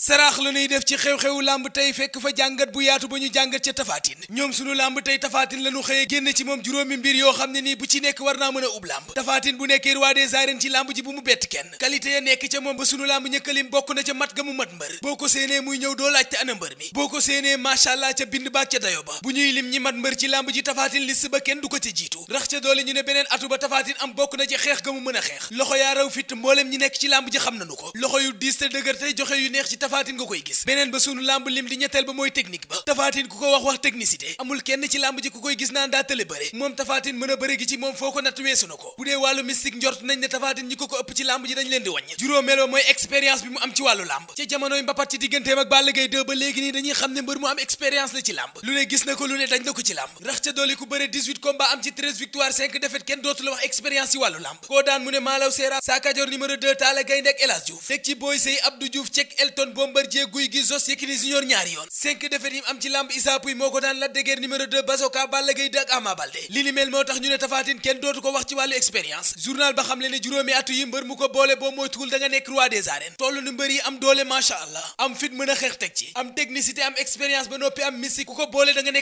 saraax la nuy def ci xew-xewu lamb tey fekk fa jàngat bu yaatu ba ñu jàngat ca tafaatin ñoom sunu lamb tey tafaatin la ñu génn ci moom juróomi mbir yoo xam ne nii bu ci nekk war naa mën a ub lamb tafaatin bu nekkee roi des ci lamb ji bu mu bett kenn qualité ya nekk ca moom ba sunu lamb ñëkkalim bokk na ca mat ga mu mat mbër boo ko séenee muy ñëw doo laajte ana mbër mi boo ko séenee maasàllaa ca bind baak ca dayo ba bu ñuy lim ñi mat mbër ci lamb ji tafaatin ba kenn du ko ca jiitu rax ca doole ñu ne beneen atu ba tafaatin am bokk loxo yaa raw fit mboolem ñi nekk ci lamb ji xam nanu ko loxo yu diis te yu neex ci tafaatin nga koy gis beneen ba sunu lamb lim di ñetteel ba mooy technique ba tafaatin ku ko wax wax technicité amul kenn ci lamb ji ku koy gis naan daa tële bëre moom tafaatin mën a bëre gi ci moom foo ko natt weesu na ko bu dee wàllu mystique njort nañ ne tafaatin ñi ko ko ëpp ci lamb ji dañ leen di wàññ juróomeel ba mooy expérience bi mu am ci wàllu lamb ca jamonoy mbapat ci digganteem ak Balla Gaye 2 léegi nii dañuy xam ne mbër mu am expérience Bombardier guy gi Zos Yékini Junior ñaari yoon cinq défaites yi am ci lamb Issa Pouye moo ko daan Lac de Guiers numéro 2 Basoka Balla Gaye 2 ak Ama li ni mel moo tax ñu ne Tapha kenn dootu ko wax ci wàllu expérience journal ba xam le juróomi atu yi mbër mu ko boole boo moytuwul da nga nekk roi des arènes nu mbër yi am doole macha allah am fit mën a xeex teg ci am technicité am expérience ba noppi am mystique ku ko boole da ne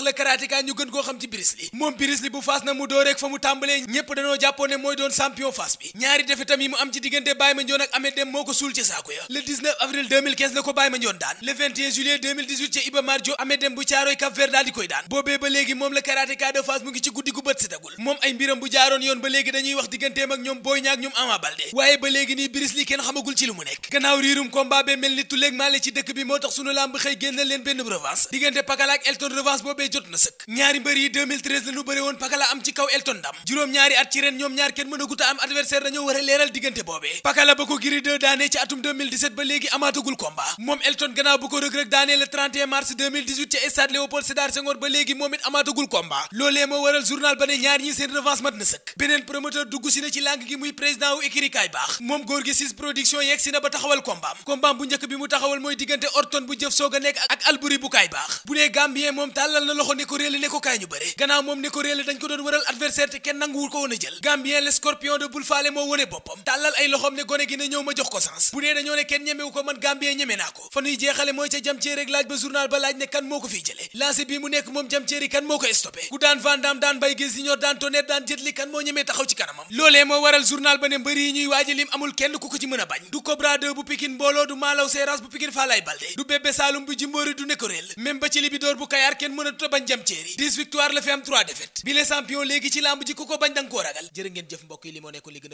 la wax la karatéka ñu gën koo xam ci Brisli moom Brisli bu faas na mu door fa mu tàmbalee ñépp dañoo jàppoon mooy doon champion faas bi ñaari defetam yi mu am ci diggante Baye Mandione ak Amed Dem moo ko suul ci saako ya le 19 avril la ko Baye Mandione daan le 21 juillet 2018 ci Iba Mar Diop Dem bu Caaroy Cap Vert daal di koy daan boobee ba léegi moom la karatéka de faas mu ngi ci guddi ko moom ay mbiram bu jaaroon yoon ba léegi dañuy wax digganteem ak ñoom Boy Niang ñoom Ama Baldé waaye ba léegi nii Bruce kenn xamagul ci lu mu nekk gannaaw riirum combat bee mel ni tuleeg maale ci dëkk bi moo tax sunu làmb xëy génnal leen benn revanche diggante Pakala ak Elton revanche boobee jot na sëkk ñaari mbër yi 2013 la woon Pakala am ci kaw Elton ndam juróom-ñaari at ci ren ñoom ñaar kenn mënaguta am adversaire dañoo war leeral diggante journal ba ne ñaar ñi seen revanche mat na sëkk beneen promoteur dugg si na ci làng gi muy président wu écurie Kaay Baax moom góor gi sis production yegg si na ba taxawal kombaam kombaam bu njëkk bi mu taxawal mooy diggante Orton bu jëf soog nekk ak Albury bu Kaay Baax bu dee Gambien moom tàllal na loxo ne réel ne ko kaay ñu bëre gannaaw moom ne ko réel dañ ko doon wëral adversaire te kenn nanguwul ko woon jël Gambien le scorpion de Bulfaale moo Ronaldinho daan Tonnerre daan Jet Li kan moo ñemee taxaw ci kanamam loolee moo waral journal ba ne mbëri yi ñuy waaji lim amul kenn ku ko ci mën a bañ du Cobra 2 bu Pikine mbooloo du Malaw Seras bu Pikine Falaye Baldé du Bébé Saloum bu Jimbori du Nekorel même ba ci Libidor bu Kayar kenn mën a tuta bañ jam ceeri 10 victoire la fi am 3 défaite bi le champion léegi ci lamb ji ko bañ danga koo ragal jërë ngeen jëf mbokk yi li moo nekkoon li gën